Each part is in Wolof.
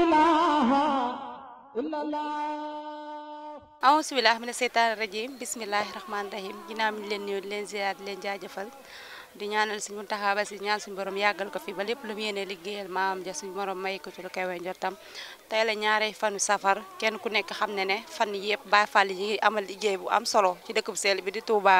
ilaha illallah aousubillah mina seytaani rajim bismillahi rahmaani rahim ginnaaw mi leen nuyu leen ziyaar leen jaajëfal di ñaanal suñu taxaaba si ñaan suñu borom yàggal ko fi ba lépp lu mu yéene maam ja suñu borom may ko ci lu kawe njottam tey la ñaare fanu safar kenn ku nekk xam ne ne fan yëpp Baay Faal yi amal liggéey bu am solo ci dëkk bu sell bi di Touba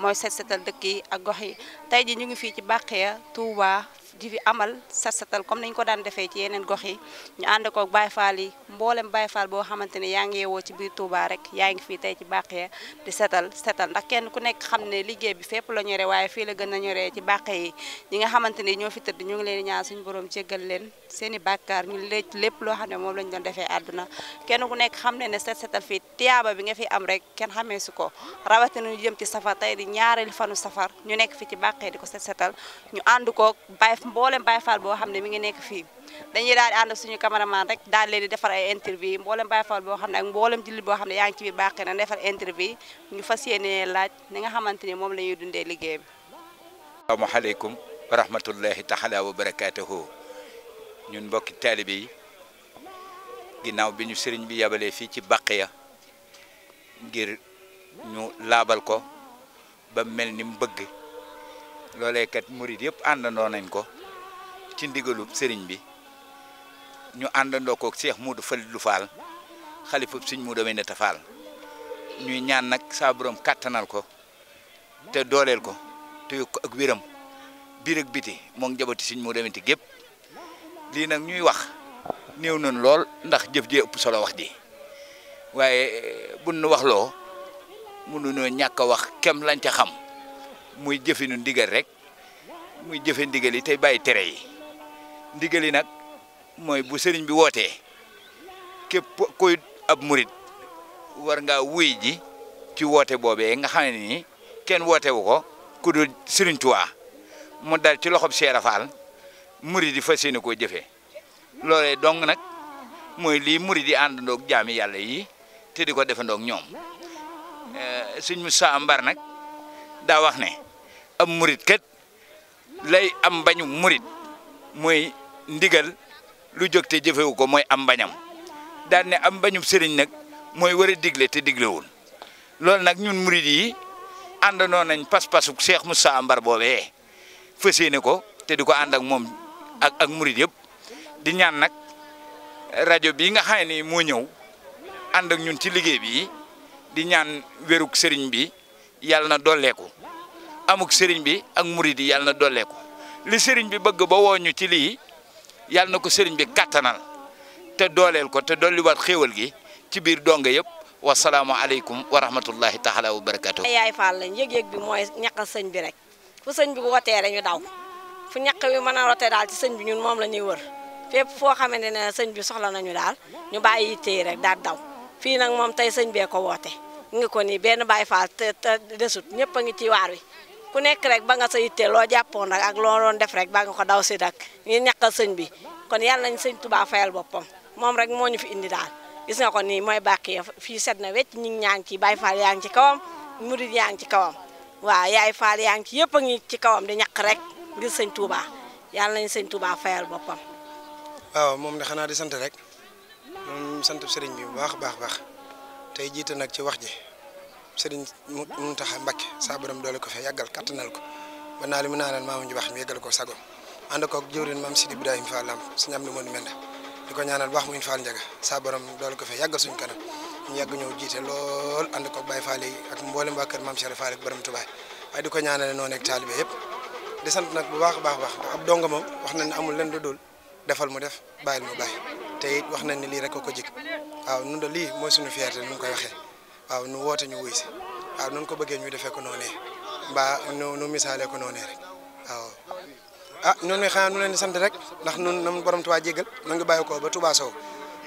mooy set setal dëkk yi ak gox yi tey ji ñu ngi fii ci Baxiya Touba di fi amal set setal comme nañ ko daan defee ci yeneen gox yi ñu ànd koog Baye Fall yi mboolem Baye Fall boo xamante ne yaa ngi yeewoo ci biir Touba rek yaa ngi fii tey ci Bakhya di setal setal ndax kenn ku nekk xam ne liggéey bi fépp la ñoree waaye fii la gën a ñoree ci Bakhya yi ñi nga xamante ne ñoo fi tëdd ñu ngi leen ñaan suñu borom jéggal leen seen i bàkkaar lépp loo xam ne moom lañ doon defee àdduna kenn ku nekk xam ne ne set setal fii tiyaaba bi nga fi am rek kenn xamee su ko rawatina ñu jëm ci safar tey di ñaareelu fanu safar ñu nekk fi ci Bakhya di ko set setal ñu ànd koog ak mboolem Baye Fall boo xam ne mi ngi nekk fii dañuy daal di ànd suñu cameraman rek daal leen di defar a interview mboolem Baye Fall boo xam ne ak mboolem jullit boo xam ne yaa ngi ci biir baaxee na defar interview ñu fas yéene laaj ni nga xamante ni moom la ñuy dundee liggéey bi. asalaamaaleykum wa rahmatullahi taala wa barakaatuhu ñun mbokki taalibe yi ginnaaw bi ñu sëriñ bi yabalee fii ci Baqiya ngir ñu laabal ko ba mel ni mu bëgg. loolee kat murit yëpp àndandoo nañ ko ci ndigalub sëriñ bi ñu àndandoo ko Cheikh Moudou Falilou Fall xalifab sëñ Moudou Aminata Fall ñuy ñaan nag saa borom kàttanal ko te dooleel ko te yokk ak wéram biir ak biti moom jabati sëñ Moudou Aminata gépp lii nag ñuy wax néew nañ lool ndax jëf ji ëpp solo wax ji waaye eh, buñ nu wax loo mënuñoo ñàkk a wax kem lañ ca xam. muy jëfinu ndigal rek muy jëfe ndigal yi tey bay tere yi ndigal yi nag mooy bu sëriñ bi wootee képp koy ab murit war nga wuy ji ci woote boobee nga xam ne nii kenn wootewu ko ku dul sëriñ Tuubaa mu dal ci loxo Cheikh Rafal murit yi fas yéene koo jëfee loolee dong nag mooy lii murit yi àndandoog jaami yàlla yi te di ko defandoo ak ñoom eh, suñ Moussa Mbar nag. daa wax ne am murit kat lay am bañu murit mooy ndigal lu jogte jëfewu ko mooy am bañam daan ne am bañu sëriñ nag mooy war digle te wul loolu nag ñun murit yi àndandoo nañ pas-pasuk Cheikh mu saambar boobee fas yéene ko te di ko ànd ak moom ak ak murit yëpp di ñaan nag rajo bii nga xam ne moo ñëw ànd ak ñun ci liggéey bi di ñaan wéruk sëriñ bi yàlla na dolleeku amuk sëriñ bi ak murid yi yàlla na dolleeku li sëriñ bi bëgg ba woo ñu ci lii yàlla na ko sëriñ bi kàttanal te dooleel ko te dolliwaat xéewal gi ci biir donga yëpp wasalaamualeykum wa rahmatullahi taala wa barakatuh yaay Fall lañ yëg-yëg bi mooy ñaqal sëñ bi rek fu sëñ bi wootee rek ñu daw fu ñaq bi mën a rote daal ci sëñ bi ñun moom la ñuy wër fépp foo xamante ne sëñ bi soxla nañu daal ñu bàyyi yitte yi rek daal daw fii nag moom tey sëñ bee ko woote nga ko nii benn Baay Faal te te desut ñëpp a ngi ci waar wi ku nekk rek ba nga sa yitte loo jàppoon nag ak loo doon def rek ba ko daw si nag ñu ñaqal sëñ bi kon yàlla nañ sëñ Tuubaa fayal boppam moom rek moo ñu fi indi daal gis nga ko nii mooy bàq fii set na wecc ñi ñaa ngi ci Baay Faal yaa ngi ci kawam murid yaa ngi ci kawam waa yaay Faal yaa ngi ci yëpp a ngi ci kawam di ñaq rek ngir sëñ Tuubaa yàlla nañ sëñ Tuubaa fayal boppam moom xanaa di sant rek moom sëriñ bi bu baax baax tey jiite nag ci wax ji sëriñ tax Mbàkke saa borom doole ko fe yàggal kattanal ko ba naa li mu naanal maamam ju baax mi yàggal ko sagom ànd ko jëwrin maam Sidi Ibrahima Fall Lamp suñu am ni moo di mel di ko ñaanal baax muñ Fall Njaga saa borom doole ko fee yàggal suñu kanam ñu yàgg ñëw jiite lool and koog Baye Fall yi ak mboolem waa kër maam Cheikh Fall ak borom di ko ñaanale noonu ak taalibe yëpp di sant nag bu baax a baax baax ndax ab donga moom wax nañ amul lenn lu dul defal mu def bàyyil mu bàyyi te it wax nañ ne lii rek ko jik waaw nun da lii mooy suñu fierté nu koy waxee waaw nu woote ñu wuy si waaw nun ko bëggee ñu defee ko noonee mbaa nu nu misaalee ko noonee rek waaw ah ñoonu xanaa nu sant rek ndax nun nam borom Tuubaa jéggal nu ngi bàyyi ko ba tubaa Sow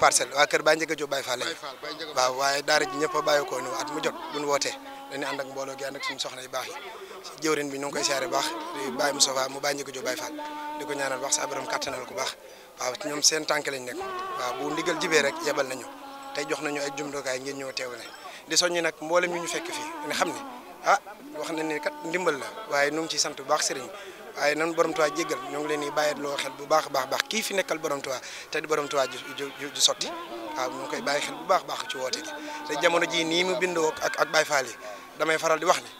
parcelle waa kër Baye Ndiaga Diop Baye Fall lañu waaw waaye daara ji ñëpp a bàyyi ko nu at mu jot buñ wootee dañuy ànd ak mbooloo gi ànd ak suñu soxna yu baax yi si jëwrin bi nu ngi koy siyaare baax di Baye Moustapha mu Baye Ndiaga Diop Baye Fall di ko ñaanal wax sa borom kattanal ko baax waaw ci ñoom seen tànk lañ nekk waaw bu ndigal jibee rek yebal nañu te jox nañu ay jumtukaay ngeen ñëw teewale di soññi nag mboolem ñu ñu fekk fii nga xam ne ah wax na ne kat ndimbal la waaye nu ngi ciy sant bu baax sëriñ waaye nan borom tuwaa jéggal ñoo ngi leen di bàyyi loo xel bu baax baax baax kii fi nekkal borom tuwaa te di borom tuwaa ju sotti waaw ñu ngi koy bàyyi xel bu baax baax ci woote gi te jamono jii nii mu bindoo ak ak Baye Fall yi damay faral di wax ne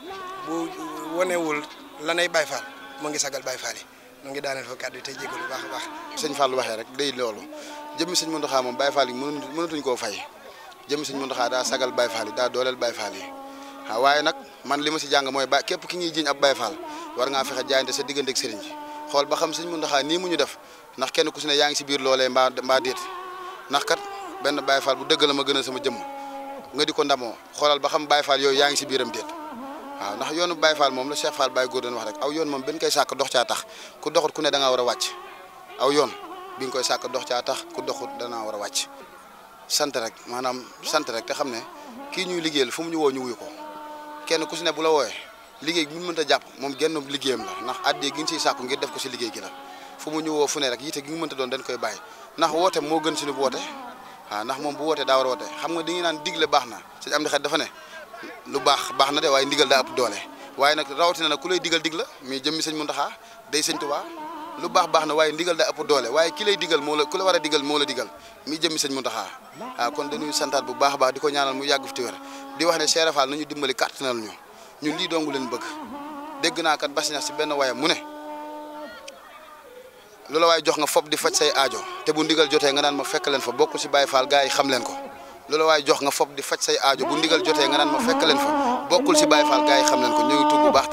bu wanewul lanay Baye Fall mu ngi sagal Baye yi ñu ngi daaneel fa kàddu yi tey jégalu bu baax a baax. sëñ Fallou waxee rek day loolu jëmmi sëñ Mountakha moom Baye Fall yi mënatuñ koo fay jëmmi sëñ Mountakha daa sagal Baye Fall yi daa dooleel Baye Fall yi waaw waaye nag man li ma si jàng mooy ba képp ki ñuy jiñ ab Baye Fall war ngaa fexe jaayante sa diggante ak xool ba xam sëñ Mountakha nii mu ñu def ndax kenn ku si ne yaa ngi si biir loolee mbaa mbaa déet ndax kat benn Baye Fall bu dëgg la ma gën a sama jëmm nga di ko ndamoo xoolal ba xam Baye Fall yooyu yaa ngi si biiram déet waaw ndax yoonu Baye Fall moom la Cheikh Fall Baye góor doon wax rek aw yoon moom benn koy sàkk dox caa tax ku doxut ku ne da a yoon bi nga koy sàkk dox caa tax ku doxut danaa war a wàcc sant rek maanaam sante rek te xam ne kii ñuy liggéeyal fu mu ñu woo ñu ko kenn ku si ne bu la wooyee liggéey bi mu mënta jàpp moom genn liggéeyam la ndax addi gi ñu siy sàkku def ko si liggéey gi la fu mu ñu woo fu ne rek yite gi mu mënta doon dañ koy bàyyi ndax woote moo gën suñu bu woote waaw ndax moom bu wootee daa war a woote xam nga dañuy naan digle baax na sëñ am di xet dafa ne lu baax baax na de waaye ndigal daa ëpp doole waaye nag rawatina nag ku lay digal dig la mais jëmmi sëñ Muntaxa day sëñ Tuubaa lu baax baax na waaye ndigal daa ëpp doole waaye ki lay digal moo la ku la war a digal moo la digal mi jëmmi sëñ Muntaxa waaw kon dañuy santaat bu baax baax di ko ñaanal mu yàgg fi te wér di wax ne Cheikh Fall ñu dimbali kàttanal ñu ñun lii dongu leen bëgg dégg naa kat basi na si benn waaye mu ne loola waaye jox nga fob di faj say aajo te bu ndigal jotee nga naan ma fekk leen fa bokk si Baye Fall gars yi leen ko loola waaye jox nga fopp di faj say aajo bu ndigal jotee nga naan ma fekk leen xam leen ko ñu ngi tuub bu baax